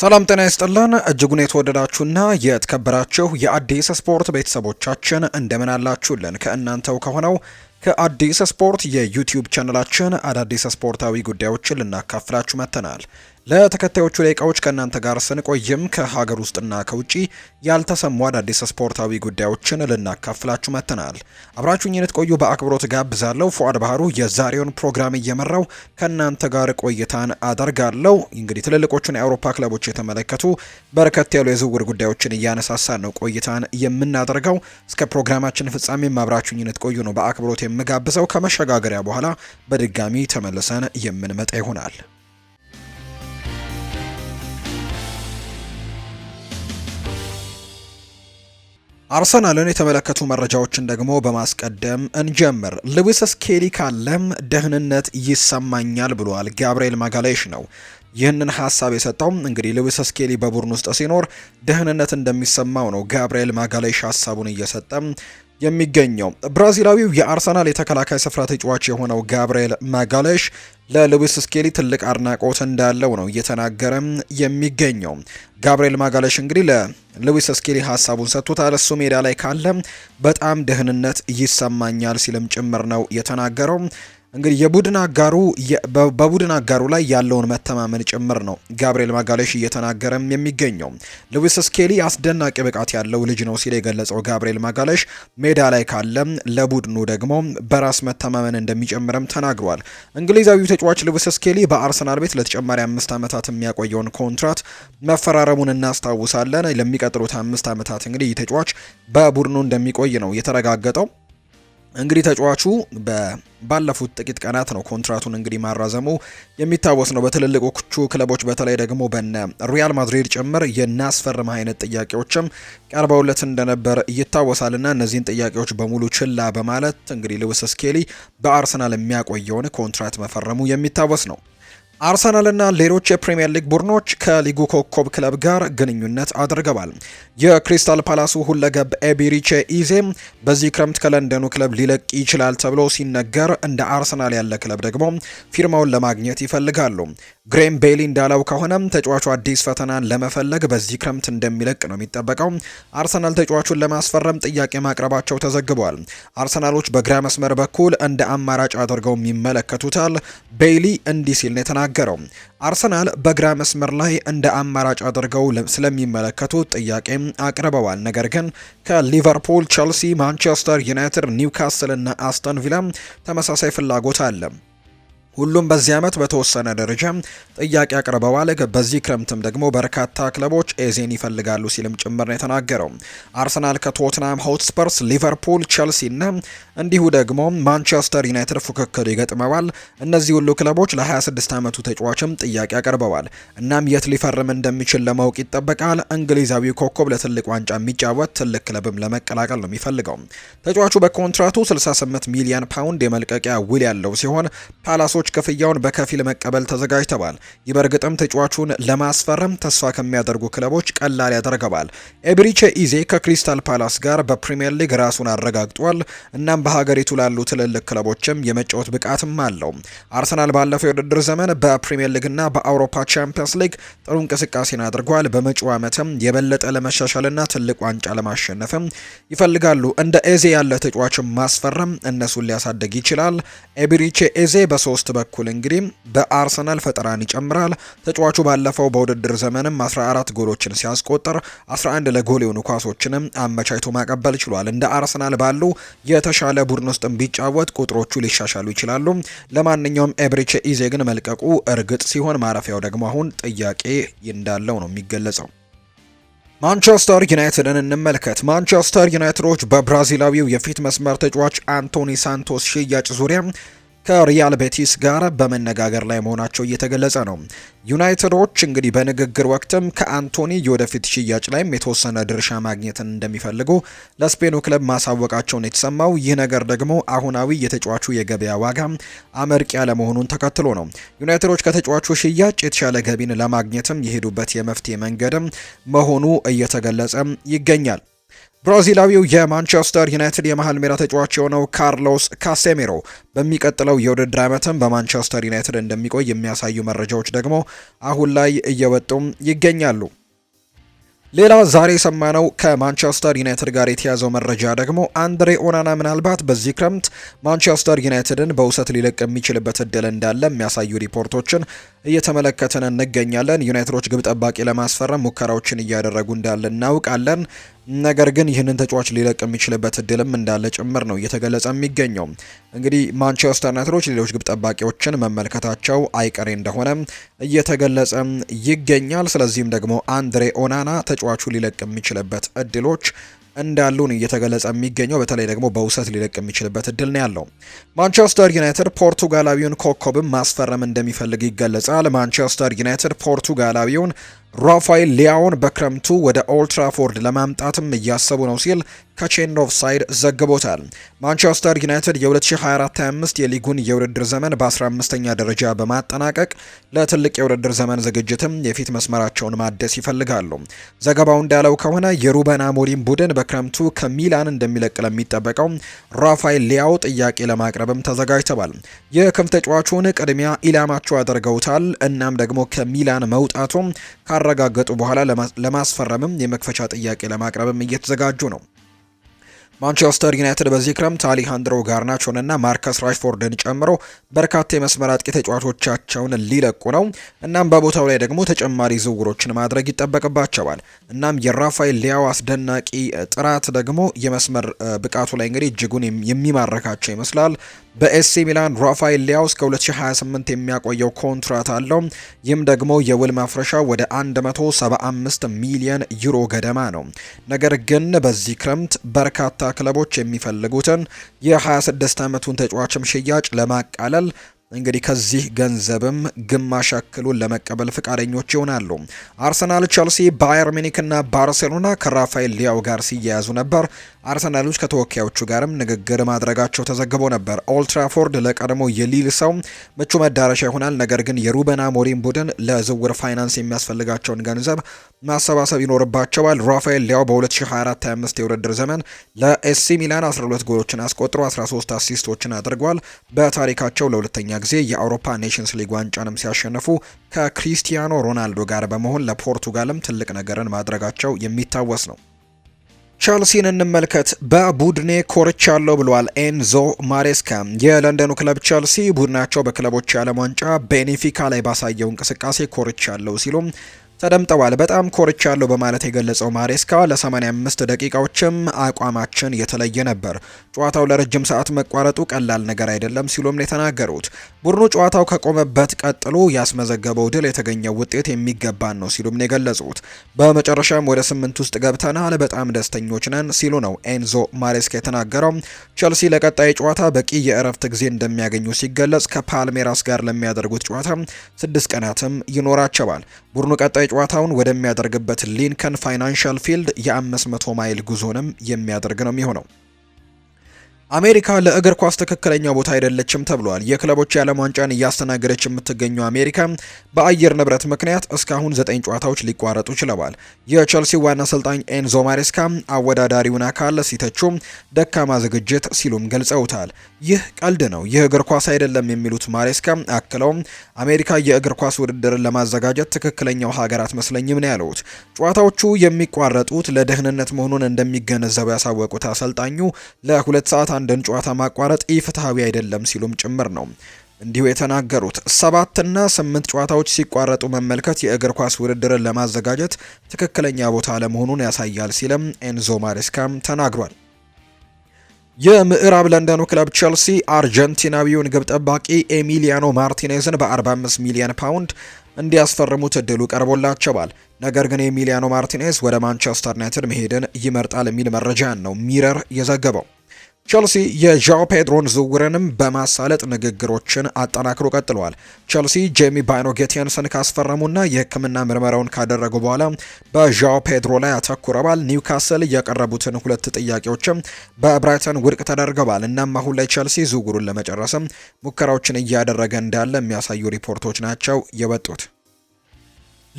ሰላም ጤና ይስጥልን እጅጉን የተወደዳችሁና የተከበራችሁ የአዲስ ስፖርት ቤተሰቦቻችን እንደምን አላችሁልን? ከእናንተው ከሆነው ከአዲስ ስፖርት የዩቲዩብ ቻነላችን አዳዲስ ስፖርታዊ ጉዳዮችን ልናካፍላችሁ መጥተናል። ለተከታዮቹ ደቂቃዎች ከእናንተ ጋር ስንቆይም ከሀገር ውስጥና ከውጭ ያልተሰሙ አዳዲስ ስፖርታዊ ጉዳዮችን ልናካፍላችሁ መጥተናል። አብራችሁኝ እንድትቆዩ በአክብሮት ጋብዛለሁ። ፉአድ ባህሩ የዛሬውን ፕሮግራም እየመራው ከእናንተ ጋር ቆይታን አደርጋለሁ። እንግዲህ ትልልቆቹን የአውሮፓ ክለቦች የተመለከቱ በርከት ያሉ የዝውውር ጉዳዮችን እያነሳሳን ነው ቆይታን የምናደርገው። እስከ ፕሮግራማችን ፍጻሜ አብራችሁኝ እንድትቆዩ ነው በአክብሮት የምጋብዘው። ከመሸጋገሪያ በኋላ በድጋሚ ተመልሰን የምንመጣ ይሆናል። አርሰናልን የተመለከቱ መረጃዎችን ደግሞ በማስቀደም እንጀምር። ልዊስ ስኬሊ ካለም ደህንነት ይሰማኛል ብሏል ጋብርኤል ማጋሌሽ ነው ይህንን ሀሳብ የሰጠው እንግዲህ ልዊስ ስኬሊ በቡድን ውስጥ ሲኖር ደህንነት እንደሚሰማው ነው ጋብርኤል ማጋሌሽ ሀሳቡን እየሰጠ የሚገኘው። ብራዚላዊው የአርሰናል የተከላካይ ስፍራ ተጫዋች የሆነው ጋብርኤል ማጋሌሽ ለልዊስ ስኬሊ ትልቅ አድናቆት እንዳለው ነው እየተናገረም የሚገኘው። ጋብርኤል ማጋለሽ እንግዲህ ለሉዊስ ስኬሊ ሀሳቡን ሰጥቶታል። እሱ ሜዳ ላይ ካለ በጣም ደህንነት ይሰማኛል ሲልም ጭምር ነው የተናገረው። እንግዲህ የቡድን አጋሩ በቡድን አጋሩ ላይ ያለውን መተማመን ጭምር ነው ጋብሪኤል ማጋሌሽ እየተናገረም የሚገኘው። ሉዊስ ስኬሊ አስደናቂ ብቃት ያለው ልጅ ነው ሲል የገለጸው ጋብሪኤል ማጋሌሽ ሜዳ ላይ ካለም ለቡድኑ ደግሞ በራስ መተማመን እንደሚጨምርም ተናግሯል። እንግሊዛዊው ተጫዋች ሉዊስ ስኬሊ በአርሰናል ቤት ለተጨማሪ አምስት ዓመታት የሚያቆየውን ኮንትራት መፈራረሙን እናስታውሳለን። ለሚቀጥሉት አምስት ዓመታት እንግዲህ ተጫዋች በቡድኑ እንደሚቆይ ነው የተረጋገጠው። እንግዲህ ተጫዋቹ ባለፉት ጥቂት ቀናት ነው ኮንትራቱን እንግዲህ ማራዘሙ የሚታወስ ነው። በትልልቆቹ ክለቦች በተለይ ደግሞ በነ ሪያል ማድሪድ ጭምር የናስፈርም አይነት ጥያቄዎችም ቀርበውለት እንደነበር ይታወሳልና እነዚህን ጥያቄዎች በሙሉ ችላ በማለት እንግዲህ ልዊስ ስኬሊ በአርሰናል የሚያቆየውን ኮንትራት መፈረሙ የሚታወስ ነው። አርሰናልና ሌሎች የፕሪምየር ሊግ ቡድኖች ከሊጉ ኮከብ ክለብ ጋር ግንኙነት አድርገዋል። የክሪስታል ፓላሱ ሁለገብ ኤቢሪቼ ኢዜ በዚህ ክረምት ከለንደኑ ክለብ ሊለቅ ይችላል ተብሎ ሲነገር፣ እንደ አርሰናል ያለ ክለብ ደግሞ ፊርማውን ለማግኘት ይፈልጋሉ። ግሬም ቤሊ እንዳለው ከሆነም ተጫዋቹ አዲስ ፈተናን ለመፈለግ በዚህ ክረምት እንደሚለቅ ነው የሚጠበቀው። አርሰናል ተጫዋቹን ለማስፈረም ጥያቄ ማቅረባቸው ተዘግቧል። አርሰናሎች በግራ መስመር በኩል እንደ አማራጭ አድርገው ይመለከቱታል። ቤይሊ እንዲህ ሲል ነው የተናገረው። አርሰናል በግራ መስመር ላይ እንደ አማራጭ አድርገው ስለሚመለከቱት ጥያቄም አቅርበዋል። ነገር ግን ከሊቨርፑል፣ ቸልሲ፣ ማንቸስተር ዩናይትድ፣ ኒውካስል እና አስተን ቪላ ተመሳሳይ ፍላጎት አለ። ሁሉም በዚህ ዓመት በተወሰነ ደረጃ ጥያቄ አቅርበዋል። በዚህ ክረምትም ደግሞ በርካታ ክለቦች ኤዜን ይፈልጋሉ ሲልም ጭምር ነው የተናገረው። አርሰናል ከቶትናም ሆትስፐርስ፣ ሊቨርፑል፣ ቸልሲ እና እንዲሁ ደግሞ ማንቸስተር ዩናይትድ ፉክክር ይገጥመዋል። እነዚህ ሁሉ ክለቦች ለ26 ዓመቱ ተጫዋችም ጥያቄ አቅርበዋል። እናም የት ሊፈርም እንደሚችል ለማወቅ ይጠበቃል። እንግሊዛዊ ኮከብ ለትልቅ ዋንጫ የሚጫወት ትልቅ ክለብም ለመቀላቀል ነው የሚፈልገው። ተጫዋቹ በኮንትራቱ 68 ሚሊዮን ፓውንድ የመልቀቂያ ውል ያለው ሲሆን ፓላሶ ተጫዋቾች ክፍያውን በከፊል መቀበል ተዘጋጅተዋል። ይህ በእርግጥም ተጫዋቹን ለማስፈረም ተስፋ ከሚያደርጉ ክለቦች ቀላል ያደርገዋል። ኤብሪቼ ኢዜ ከክሪስታል ፓላስ ጋር በፕሪምየር ሊግ ራሱን አረጋግጧል። እናም በሀገሪቱ ላሉ ትልልቅ ክለቦችም የመጫወት ብቃትም አለው። አርሰናል ባለፈው የውድድር ዘመን በፕሪምየር ሊግና በአውሮፓ ቻምፒየንስ ሊግ ጥሩ እንቅስቃሴን አድርጓል። በመጪው ዓመትም የበለጠ ለመሻሻልና ትልቅ ዋንጫ ለማሸነፍም ይፈልጋሉ። እንደ ኤዜ ያለ ተጫዋችን ማስፈረም እነሱን ሊያሳድግ ይችላል። ኤብሪቼ ኤዜ በሶስት በኩል እንግዲህ በአርሰናል ፈጠራን ይጨምራል። ተጫዋቹ ባለፈው በውድድር ዘመንም 14 ጎሎችን ሲያስቆጥር 11 ለጎል የሆኑ ኳሶችንም አመቻችቶ ማቀበል ችሏል። እንደ አርሰናል ባሉ የተሻለ ቡድን ውስጥ ቢጫወት ቁጥሮቹ ሊሻሻሉ ይችላሉ። ለማንኛውም ኤብሪቼ ኢዜ ግን መልቀቁ እርግጥ ሲሆን ማረፊያው ደግሞ አሁን ጥያቄ እንዳለው ነው የሚገለጸው። ማንቸስተር ዩናይትድን እንመልከት። ማንቸስተር ዩናይትዶች በብራዚላዊው የፊት መስመር ተጫዋች አንቶኒ ሳንቶስ ሽያጭ ዙሪያ ከሪያል ቤቲስ ጋር በመነጋገር ላይ መሆናቸው እየተገለጸ ነው። ዩናይትዶች እንግዲህ በንግግር ወቅትም ከአንቶኒ የወደፊት ሽያጭ ላይም የተወሰነ ድርሻ ማግኘትን እንደሚፈልጉ ለስፔኑ ክለብ ማሳወቃቸውን የተሰማው ይህ ነገር ደግሞ አሁናዊ የተጫዋቹ የገበያ ዋጋ አመርቂ ያለመሆኑን ተከትሎ ነው። ዩናይትዶች ከተጫዋቹ ሽያጭ የተሻለ ገቢን ለማግኘትም የሄዱበት የመፍትሄ መንገድም መሆኑ እየተገለጸ ይገኛል። ብራዚላዊው የማንቸስተር ዩናይትድ የመሃል ሜዳ ተጫዋች የሆነው ካርሎስ ካሴሜሮ በሚቀጥለው የውድድር ዓመትም በማንቸስተር ዩናይትድ እንደሚቆይ የሚያሳዩ መረጃዎች ደግሞ አሁን ላይ እየወጡም ይገኛሉ። ሌላ ዛሬ የሰማነው ከማንቸስተር ዩናይትድ ጋር የተያዘው መረጃ ደግሞ አንድሬ ኦናና ምናልባት በዚህ ክረምት ማንቸስተር ዩናይትድን በውሰት ሊለቅ የሚችልበት እድል እንዳለ የሚያሳዩ ሪፖርቶችን እየተመለከትን እንገኛለን። ዩናይትዶች ግብ ጠባቂ ለማስፈረም ሙከራዎችን እያደረጉ እንዳለ እናውቃለን። ነገር ግን ይህንን ተጫዋች ሊለቅ የሚችልበት እድልም እንዳለ ጭምር ነው እየተገለጸ የሚገኘው። እንግዲህ ማንቸስተር ዩናይትዶች ሌሎች ግብ ጠባቂዎችን መመልከታቸው አይቀሬ እንደሆነ እየተገለጸ ይገኛል። ስለዚህም ደግሞ አንድሬ ኦናና ተጫዋቹ ሊለቅ የሚችልበት እድሎች እንዳሉን እየተገለጸ የሚገኘው በተለይ ደግሞ በውሰት ሊለቅ የሚችልበት እድል ነው ያለው። ማንቸስተር ዩናይትድ ፖርቱጋላዊውን ኮከብም ማስፈረም እንደሚፈልግ ይገለጻል። ማንቸስተር ዩናይትድ ፖርቱጋላዊውን ራፋኤል ሊያውን በክረምቱ ወደ ኦልትራፎርድ ለማምጣትም እያሰቡ ነው ሲል ከቼን ኦፍ ሳይድ ዘግቦታል። ማንቸስተር ዩናይትድ የ2024/25 የሊጉን የውድድር ዘመን በ15ኛ ደረጃ በማጠናቀቅ ለትልቅ የውድድር ዘመን ዝግጅትም የፊት መስመራቸውን ማደስ ይፈልጋሉ። ዘገባው እንዳለው ከሆነ የሩበን አሞሪም ቡድን በክረምቱ ከሚላን እንደሚለቅ ለሚጠበቀው ራፋኤል ሊያው ጥያቄ ለማቅረብም ተዘጋጅተዋል። የክንፍ ተጫዋቹን ቅድሚያ ኢላማቸው አድርገውታል። እናም ደግሞ ከሚላን መውጣቱም ካረጋገጡ በኋላ ለማስፈረምም የመክፈቻ ጥያቄ ለማቅረብም እየተዘጋጁ ነው። ማንቸስተር ዩናይትድ በዚህ ክረምት አሊሃንድሮ ጋርናቾንና ማርከስ ራሽፎርድን ጨምሮ በርካታ የመስመር አጥቂ ተጫዋቾቻቸውን ሊለቁ ነው። እናም በቦታው ላይ ደግሞ ተጨማሪ ዝውውሮችን ማድረግ ይጠበቅባቸዋል። እናም የራፋኤል ሊያው አስደናቂ ጥራት ደግሞ የመስመር ብቃቱ ላይ እንግዲህ እጅጉን የሚማርካቸው ይመስላል። በኤሲ ሚላን ራፋኤል ሊያው እስከ 2028 የሚያቆየው ኮንትራት አለው። ይህም ደግሞ የውል ማፍረሻው ወደ 175 ሚሊዮን ዩሮ ገደማ ነው። ነገር ግን በዚህ ክረምት በርካታ ክለቦች የሚፈልጉትን የ26 ዓመቱን ተጫዋችም ሽያጭ ለማቃለል እንግዲህ ከዚህ ገንዘብም ግማሽ ያክሉን ለመቀበል ፈቃደኞች ይሆናሉ። አርሰናል፣ ቸልሲ፣ ባየር ሚኒክ እና ባርሴሎና ከራፋኤል ሊያው ጋር ሲያያዙ ነበር። አርሰናሎች ከተወካዮቹ ጋርም ንግግር ማድረጋቸው ተዘግቦ ነበር። ኦልትራፎርድ ለቀድሞ የሊል ሰው ምቹ መዳረሻ ይሆናል። ነገር ግን የሩበን አሞሪም ቡድን ለዝውውር ፋይናንስ የሚያስፈልጋቸውን ገንዘብ ማሰባሰብ ይኖርባቸዋል። ራፋኤል ሊያው በ2024/25 የውድድር ዘመን ለኤሲ ሚላን 12 ጎሎችን አስቆጥሮ 13 አሲስቶችን አድርጓል። በታሪካቸው ለሁለተኛ ጊዜ የአውሮፓ ኔሽንስ ሊግ ዋንጫንም ሲያሸንፉ ከክሪስቲያኖ ሮናልዶ ጋር በመሆን ለፖርቱጋልም ትልቅ ነገርን ማድረጋቸው የሚታወስ ነው። ቻልሲን እንመልከት። በቡድኔ ኮርቻለሁ ብሏል ኤንዞ ማሬስካ። የለንደኑ ክለብ ቻልሲ ቡድናቸው በክለቦች የዓለም ዋንጫ ቤኔፊካ ላይ ባሳየው እንቅስቃሴ ኮርቻለሁ ሲሉም ተደምጠዋል። በጣም ኮርቻለሁ በማለት የገለጸው ማሬስካ ለ85 ደቂቃዎችም አቋማችን የተለየ ነበር። ጨዋታው ለረጅም ሰዓት መቋረጡ ቀላል ነገር አይደለም ሲሉም ነው የተናገሩት። ቡድኑ ጨዋታው ከቆመበት ቀጥሎ ያስመዘገበው ድል የተገኘው ውጤት የሚገባን ነው ሲሉም ነው የገለጹት። በመጨረሻም ወደ ስምንት ውስጥ ገብተናል፣ በጣም ደስተኞች ነን ሲሉ ነው ኤንዞ ማሬስካ የተናገረው። ቸልሲ ለቀጣይ ጨዋታ በቂ የእረፍት ጊዜ እንደሚያገኙ ሲገለጽ ከፓልሜራስ ጋር ለሚያደርጉት ጨዋታ ስድስት ቀናትም ይኖራቸዋል። ቡድኑ ቀጣይ ጨዋታውን ወደሚያደርግበት ሊንከን ፋይናንሻል ፊልድ የ500 ማይል ጉዞንም የሚያደርግ ነው የሚሆነው። አሜሪካ ለእግር ኳስ ትክክለኛ ቦታ አይደለችም ተብሏል። የክለቦች የዓለም ዋንጫን እያስተናገደች የምትገኘው አሜሪካ በአየር ንብረት ምክንያት እስካሁን ዘጠኝ ጨዋታዎች ሊቋረጡ ችለዋል። የቸልሲ ዋና አሰልጣኝ ኤንዞ ማሬስካ አወዳዳሪውን አካል ሲተቹ ደካማ ዝግጅት ሲሉም ገልጸውታል። ይህ ቀልድ ነው፣ ይህ እግር ኳስ አይደለም የሚሉት ማሬስካ አክለውም አሜሪካ የእግር ኳስ ውድድርን ለማዘጋጀት ትክክለኛው ሀገር አትመስለኝም ነው ያሉት። ጨዋታዎቹ የሚቋረጡት ለደህንነት መሆኑን እንደሚገነዘቡ ያሳወቁት አሰልጣኙ ለሁለት ሰዓት አንድን ጨዋታ ማቋረጥ ኢፍትሐዊ አይደለም ሲሉም ጭምር ነው እንዲሁ የተናገሩት ሰባትና ስምንት ጨዋታዎች ሲቋረጡ መመልከት የእግር ኳስ ውድድርን ለማዘጋጀት ትክክለኛ ቦታ አለመሆኑን ያሳያል ሲልም ኤንዞ ማሬስካም ተናግሯል። የምዕራብ ለንደኑ ክለብ ቸልሲ አርጀንቲናዊውን ግብ ጠባቂ ኤሚሊያኖ ማርቲኔዝን በ45 ሚሊዮን ፓውንድ እንዲያስፈርሙት እድሉ ቀርቦላቸዋል። ነገር ግን ኤሚሊያኖ ማርቲኔዝ ወደ ማንቸስተር ዩናይትድ መሄድን ይመርጣል የሚል መረጃ ነው ሚረር የዘገበው። ቸልሲ የዣኦ ፔድሮን ዝውውርንም በማሳለጥ ንግግሮችን አጠናክሮ ቀጥለዋል። ቸልሲ ጄሚ ባይኖ ጌቲያንሰን ካስፈረሙና የሕክምና ምርመራውን ካደረጉ በኋላ በዣው ፔድሮ ላይ አተኩረዋል። ኒውካስል የቀረቡትን ሁለት ጥያቄዎችም በብራይተን ውድቅ ተደርገዋል። እናም አሁን ላይ ቸልሲ ዝውውሩን ለመጨረስም ሙከራዎችን እያደረገ እንዳለ የሚያሳዩ ሪፖርቶች ናቸው የወጡት።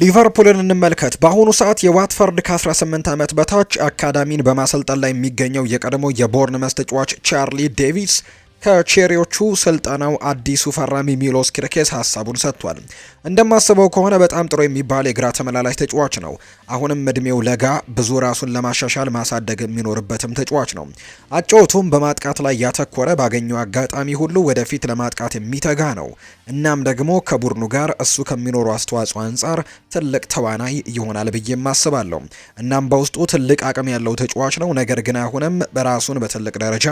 ሊቨርፑልን እንመልከት። በአሁኑ ሰዓት የዋትፈርድ ከ18 ዓመት በታች አካዳሚን በማሰልጠን ላይ የሚገኘው የቀድሞ የቦርን መስተጫዋች ቻርሊ ዴቪስ ከቼሪዎቹ ስልጠናው አዲሱ ፈራሚ ሚሎስ ኪርኬስ ሀሳቡን ሰጥቷል። እንደማስበው ከሆነ በጣም ጥሩ የሚባል የግራ ተመላላሽ ተጫዋች ነው። አሁንም እድሜው ለጋ፣ ብዙ ራሱን ለማሻሻል ማሳደግ የሚኖርበትም ተጫዋች ነው። አጫወቱም በማጥቃት ላይ ያተኮረ፣ ባገኘው አጋጣሚ ሁሉ ወደፊት ለማጥቃት የሚተጋ ነው። እናም ደግሞ ከቡድኑ ጋር እሱ ከሚኖሩ አስተዋጽኦ አንጻር ትልቅ ተዋናይ ይሆናል ብዬም አስባለሁ። እናም በውስጡ ትልቅ አቅም ያለው ተጫዋች ነው። ነገር ግን አሁንም ራሱን በትልቅ ደረጃ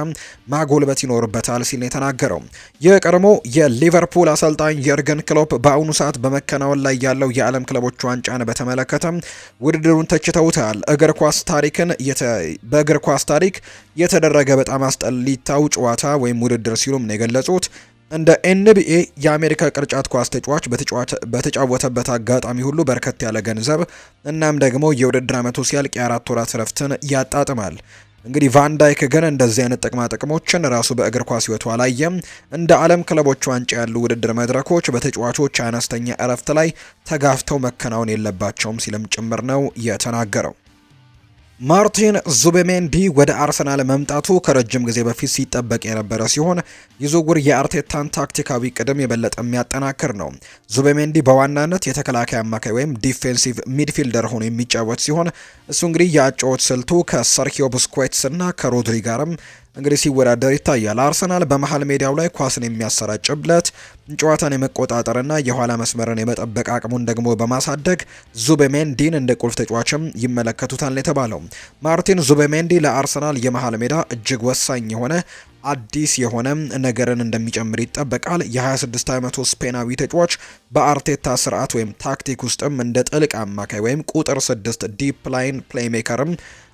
ማጎልበት ይኖርበታል ሲል የተናገረው የቀድሞ የሊቨርፑል አሰልጣኝ የርገን ክሎፕ በአሁኑ ሰዓት በመከናወን ላይ ያለው የዓለም ክለቦች ዋንጫን በተመለከተ ውድድሩን ተችተውታል። እግር ኳስ ታሪክን በእግር ኳስ ታሪክ የተደረገ በጣም አስጠሊታው ጨዋታ ወይም ውድድር ሲሉም ነው የገለጹት። እንደ ኤንቢኤ የአሜሪካ ቅርጫት ኳስ ተጫዋች በተጫወተበት አጋጣሚ ሁሉ በርከት ያለ ገንዘብ እናም ደግሞ የውድድር ዓመቱ ሲያልቅ የአራት ወራት ረፍትን ያጣጥማል። እንግዲህ ቫንዳይክ ግን እንደዚህ አይነት ጥቅማ ጥቅሞችን ራሱ በእግር ኳስ ህይወቱ አላየም። እንደ ዓለም ክለቦች ዋንጫ ያሉ ውድድር መድረኮች በተጫዋቾች አነስተኛ እረፍት ላይ ተጋፍተው መከናወን የለባቸውም ሲልም ጭምር ነው የተናገረው። ማርቲን ዙቤሜንዲ ወደ አርሰናል መምጣቱ ከረጅም ጊዜ በፊት ሲጠበቅ የነበረ ሲሆን ይዝውውር የአርቴታን ታክቲካዊ ቅድም የበለጠ የሚያጠናክር ነው። ዙቤሜንዲ በዋናነት የተከላካይ አማካይ ወይም ዲፌንሲቭ ሚድፊልደር ሆኖ የሚጫወት ሲሆን እሱ እንግዲህ የአጨዋወት ስልቱ ከሰርኪዮ ቡስኳትስ እና ከሮድሪ ጋርም እንግዲህ ሲወዳደር ይታያል። አርሰናል በመሀል ሜዳው ላይ ኳስን የሚያሰራጭበት ጨዋታን የመቆጣጠርና የኋላ መስመርን የመጠበቅ አቅሙን ደግሞ በማሳደግ ዙቤሜንዲን እንደ ቁልፍ ተጫዋችም ይመለከቱታል የተባለው ማርቲን ዙቤሜንዲ ለአርሰናል የመሀል ሜዳ እጅግ ወሳኝ የሆነ አዲስ የሆነ ነገርን እንደሚጨምር ይጠበቃል። የ26 ዓመቱ ስፔናዊ ተጫዋች በአርቴታ ስርዓት ወይም ታክቲክ ውስጥም እንደ ጥልቅ አማካይ ወይም ቁጥር ስድስት ዲፕ ላይን ፕሌይሜከርም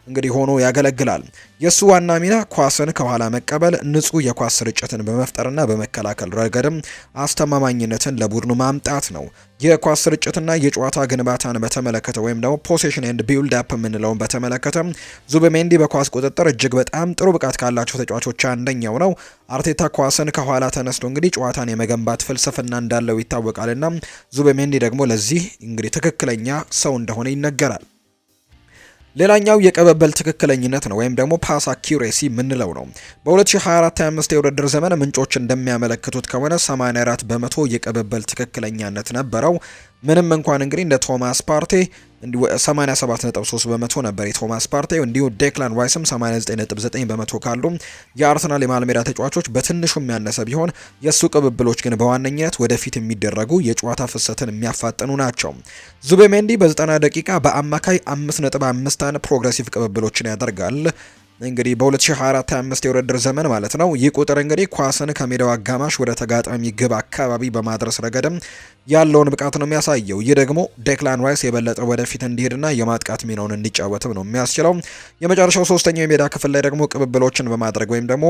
እንግዲህ ሆኖ ያገለግላል። የእሱ ዋና ሚና ኳስን ከኋላ መቀበል፣ ንጹህ የኳስ ስርጭትን በመፍጠርና በመከላከል ረገድም አስተማማኝነትን ለቡድኑ ማምጣት ነው። የኳስ ስርጭትና የጨዋታ ግንባታን በተመለከተ ወይም ደግሞ ፖሴሽን ኤንድ ቢውልድ አፕ የምንለውን በተመለከተ ዙበሜንዲ በኳስ ቁጥጥር እጅግ በጣም ጥሩ ብቃት ካላቸው ተጫዋቾች አንደኛ አንደኛው ነው። አርቴታ ኳስን ከኋላ ተነስቶ እንግዲህ ጨዋታን የመገንባት ፍልስፍና እንዳለው ይታወቃልና ዙቤሜንዲ ደግሞ ለዚህ እንግዲህ ትክክለኛ ሰው እንደሆነ ይነገራል። ሌላኛው የቀበበል ትክክለኝነት ነው ወይም ደግሞ ፓስ አኪሬሲ የምንለው ነው። በ2024/25 የውድድር ዘመን ምንጮች እንደሚያመለክቱት ከሆነ 84 በመቶ የቀበበል ትክክለኛነት ነበረው። ምንም እንኳን እንግዲህ እንደ ቶማስ ፓርቴ 87.3 በመቶ ነበር የቶማስ ፓርቴ። እንዲሁ ዴክላን ዋይስም 89.9 በመቶ ካሉ የአርሰናል የማልሜዳ ተጫዋቾች በትንሹም ያነሰ ቢሆን የእሱ ቅብብሎች ግን በዋነኝነት ወደፊት የሚደረጉ የጨዋታ ፍሰትን የሚያፋጥኑ ናቸው። ዙቤሜንዲ በ90 ደቂቃ በአማካይ 5.5 ፕሮግረሲቭ ቅብብሎችን ያደርጋል። እንግዲህ በ2024/25 የውድድር ዘመን ማለት ነው። ይህ ቁጥር እንግዲህ ኳስን ከሜዳው አጋማሽ ወደ ተጋጣሚ ግብ አካባቢ በማድረስ ረገድም ያለውን ብቃት ነው የሚያሳየው። ይህ ደግሞ ዴክላን ራይስ የበለጠ ወደፊት እንዲሄድና የማጥቃት ሚናውን እንዲጫወትም ነው የሚያስችለው። የመጨረሻው ሶስተኛው የሜዳ ክፍል ላይ ደግሞ ቅብብሎችን በማድረግ ወይም ደግሞ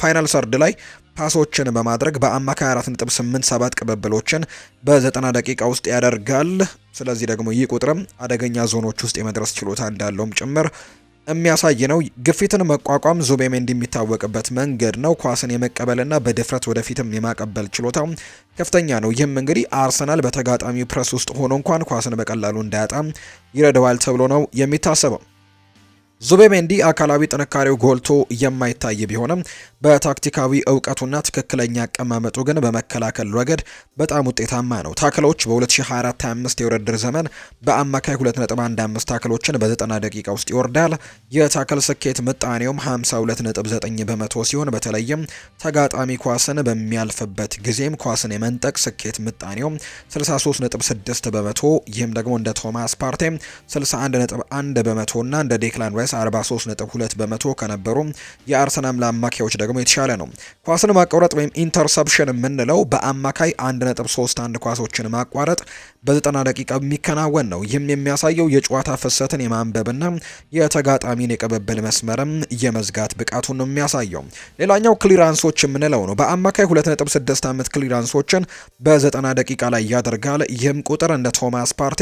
ፋይናል ሰርድ ላይ ፓሶችን በማድረግ በአማካይ 4.87 ቅብብሎችን በ ደቂቃ ውስጥ ያደርጋል። ስለዚህ ደግሞ ይህ ቁጥርም አደገኛ ዞኖች ውስጥ የመድረስ ችሎታ እንዳለውም ጭምር የሚያሳይ ነው። ግፊትን መቋቋም ዙቤሜንዲ የሚታወቅበት መንገድ ነው። ኳስን የመቀበልና በድፍረት ወደፊትም የማቀበል ችሎታ ከፍተኛ ነው። ይህም እንግዲህ አርሰናል በተጋጣሚ ፕረስ ውስጥ ሆኖ እንኳን ኳስን በቀላሉ እንዳያጣም ይረዳዋል ተብሎ ነው የሚታሰበው። ዙቤሜንዲ አካላዊ ጥንካሬው ጎልቶ የማይታይ ቢሆንም በታክቲካዊ እውቀቱና ትክክለኛ አቀማመጡ ግን በመከላከል ረገድ በጣም ውጤታማ ነው። ታክሎች በ2024/25 የውድድር ዘመን በአማካይ 2.15 ታክሎችን በ90 ደቂቃ ውስጥ ይወርዳል። የታክል ስኬት ምጣኔውም 52.9 በመቶ ሲሆን በተለይም ተጋጣሚ ኳስን በሚያልፍበት ጊዜም ኳስን የመንጠቅ ስኬት ምጣኔውም 63.6 በመቶ ይህም ደግሞ እንደ ቶማስ ፓርቴም 61.1 እና እንደ ዴክላን ቢያንስ 43.2 በመቶ ከነበሩ የአርሰናል አማካዮች ደግሞ የተሻለ ነው። ኳስን ማቋረጥ ወይም ኢንተርሰፕሽን የምንለው በአማካይ 1.31 ኳሶችን ማቋረጥ በ90 ደቂቃ የሚከናወን ነው። ይህም የሚያሳየው የጨዋታ ፍሰትን የማንበብና የተጋጣሚን የቅብብል መስመርም የመዝጋት ብቃቱን ነው የሚያሳየው። ሌላኛው ክሊራንሶች የምንለው ነው። በአማካይ 2.65 ክሊራንሶችን በ90 ደቂቃ ላይ ያደርጋል። ይህም ቁጥር እንደ ቶማስ ፓርቴ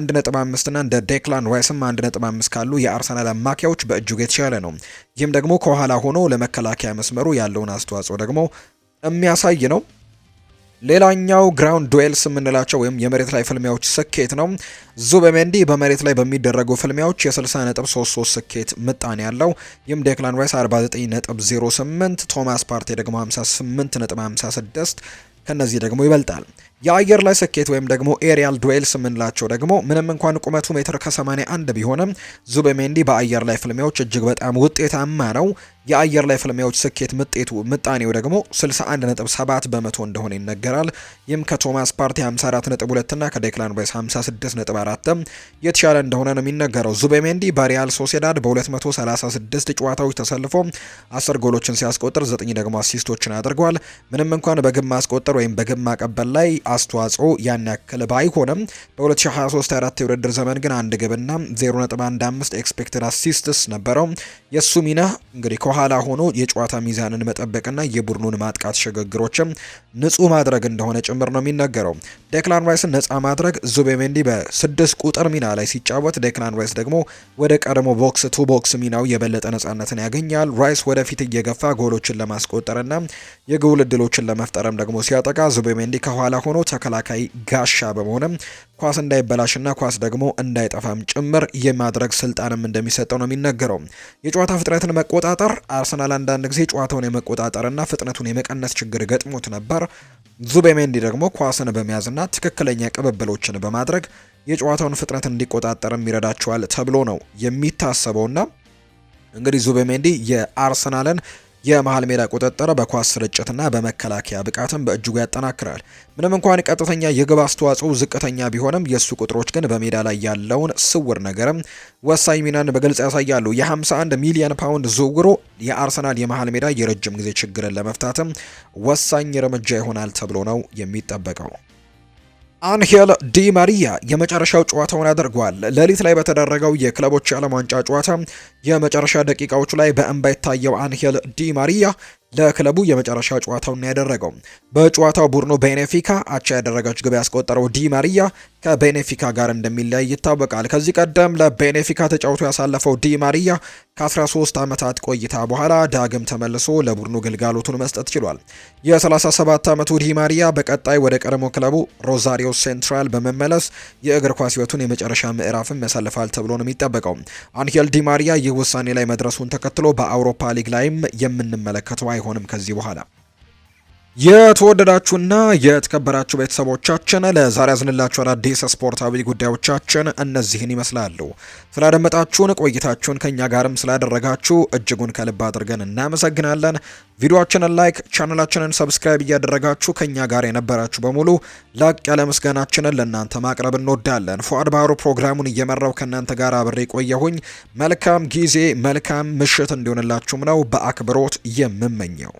1.5 እና እንደ ዴክላን ራይስም 1.5 ካሉ የአርሰናል አማካዮች በእጅጉ የተሻለ ነው። ይህም ደግሞ ከኋላ ሆኖ ለመከላከያ መስመሩ ያለውን አስተዋጽኦ ደግሞ የሚያሳይ ነው። ሌላኛው ግራውንድ ዱዌልስ የምንላቸው ወይም የመሬት ላይ ፍልሚያዎች ስኬት ነው። ዙበሜንዲ በመሬት ላይ በሚደረጉ ፍልሚያዎች የ60.33 ስኬት ምጣኔ ያለው ይህም ዴክላን ራይስ 49.08፣ ቶማስ ፓርቴ ደግሞ 58.56 ከነዚህ ደግሞ ይበልጣል። የአየር ላይ ስኬት ወይም ደግሞ ኤሪያል ዱዌልስ የምንላቸው ደግሞ ምንም እንኳን ቁመቱ ሜትር ከ81 ቢሆንም ዙቤሜንዲ በአየር ላይ ፍልሚያዎች እጅግ በጣም ውጤታማ ነው። የአየር ላይ ፍልሚያዎች ስኬት ምጤቱ ምጣኔው ደግሞ 61.7 በመቶ እንደሆነ ይነገራል። ይህም ከቶማስ ፓርቲ 54.2 እና ከዴክላን ራይስ 56.4 የተሻለ እንደሆነ ነው የሚነገረው። ዙቤሜንዲ በሪያል ሶሴዳድ በ236 ጨዋታዎች ተሰልፎ 10 ጎሎችን ሲያስቆጥር 9 ደግሞ አሲስቶችን አድርጓል። ምንም እንኳን በግብ ማስቆጠር ወይም በግብ ማቀበል ላይ አስተዋጽኦ ያን ያክል ባይሆንም በ2023/24 የውድድር ዘመን ግን አንድ ግብና 0.15 ኤክስፔክትድ አሲስትስ ነበረው። የእሱ ሚና እንግዲህ ከኋላ ሆኖ የጨዋታ ሚዛንን መጠበቅና የቡድኑን ማጥቃት ሽግግሮችም ንጹህ ማድረግ እንደሆነ ጭምር ነው የሚነገረው። ዴክላን ራይስን ነፃ ማድረግ ዙቤሜንዲ በስድስት ቁጥር ሚና ላይ ሲጫወት፣ ዴክላን ራይስ ደግሞ ወደ ቀድሞ ቦክስ ቱ ቦክስ ሚናው የበለጠ ነፃነትን ያገኛል። ራይስ ወደፊት እየገፋ ጎሎችን ለማስቆጠርና የጎል ለመፍጠርም ደግሞ ሲያጠቃ፣ ዙቤሜንዲ ከኋላ ሆኖ ተከላካይ ጋሻ በመሆንም ኳስ እንዳይበላሽና ኳስ ደግሞ እንዳይጠፋም ጭምር የማድረግ ስልጣንም እንደሚሰጠው ነው የሚነገረው። የጨዋታ ፍጥነትን መቆጣጠር አርሰናል አንዳንድ ጊዜ ጨዋታውን የመቆጣጠርና ፍጥነቱን የመቀነስ ችግር ገጥሞት ነበር። ዙቤሜንዲ ደግሞ ኳስን በመያዝና ትክክለኛ ቅብብሎችን በማድረግ የጨዋታውን ፍጥነት እንዲቆጣጠርም ይረዳቸዋል ተብሎ ነው የሚታሰበውና እንግዲህ ዙቤሜንዲ የአርሰናልን የመሀል ሜዳ ቁጥጥር በኳስ ስርጭትና በመከላከያ ብቃትም በእጅጉ ያጠናክራል። ምንም እንኳን ቀጥተኛ የግብ አስተዋጽኦ ዝቅተኛ ቢሆንም የእሱ ቁጥሮች ግን በሜዳ ላይ ያለውን ስውር ነገርም ወሳኝ ሚናን በግልጽ ያሳያሉ። የ51 ሚሊዮን ፓውንድ ዝውውሩ የአርሰናል የመሀል ሜዳ የረጅም ጊዜ ችግርን ለመፍታትም ወሳኝ እርምጃ ይሆናል ተብሎ ነው የሚጠበቀው። አንሄል ዲ ማሪያ የመጨረሻው ጨዋታውን አድርጓል። ሌሊት ላይ በተደረገው የክለቦች የዓለም ዋንጫ ጨዋታ የመጨረሻ ደቂቃዎቹ ላይ በእንባ የታየው አንሄል ዲ ማሪያ ለክለቡ የመጨረሻ ጨዋታውን ያደረገው። በጨዋታው ቡድኑ ቤኔፊካ አቻ ያደረገች ግብ ያስቆጠረው ዲ ማሪያ ከቤኔፊካ ጋር እንደሚለያይ ይታወቃል። ከዚህ ቀደም ለቤኔፊካ ተጫውቶ ያሳለፈው ዲ ማሪያ ከ13 ዓመታት ቆይታ በኋላ ዳግም ተመልሶ ለቡድኑ ግልጋሎቱን መስጠት ችሏል። የ37 ዓመቱ ዲ ማሪያ በቀጣይ ወደ ቀድሞ ክለቡ ሮዛሪዮ ሴንትራል በመመለስ የእግር ኳስ ሕይወቱን የመጨረሻ ምዕራፍን ያሳልፋል ተብሎ ነው የሚጠበቀው። አንሄል ዲ ማሪያ ይህ ውሳኔ ላይ መድረሱን ተከትሎ በአውሮፓ ሊግ ላይም የምንመለከተው አይሆንም ከዚህ በኋላ የተወደዳችሁና የተከበራችሁ ቤተሰቦቻችን ለዛሬ ያዝንላችሁ አዳዲስ ስፖርታዊ ጉዳዮቻችን እነዚህን ይመስላሉ። ስላደመጣችሁን ቆይታችሁን ከእኛ ጋርም ስላደረጋችሁ እጅጉን ከልብ አድርገን እናመሰግናለን። ቪዲዮችንን ላይክ፣ ቻናላችንን ሰብስክራይብ እያደረጋችሁ ከእኛ ጋር የነበራችሁ በሙሉ ላቅ ያለ ምስጋናችንን ለእናንተ ማቅረብ እንወዳለን። ፏድ ባህሩ ፕሮግራሙን እየመራው ከእናንተ ጋር አብሬ ቆየሁኝ። መልካም ጊዜ፣ መልካም ምሽት እንዲሆንላችሁም ነው በአክብሮት የምመኘው።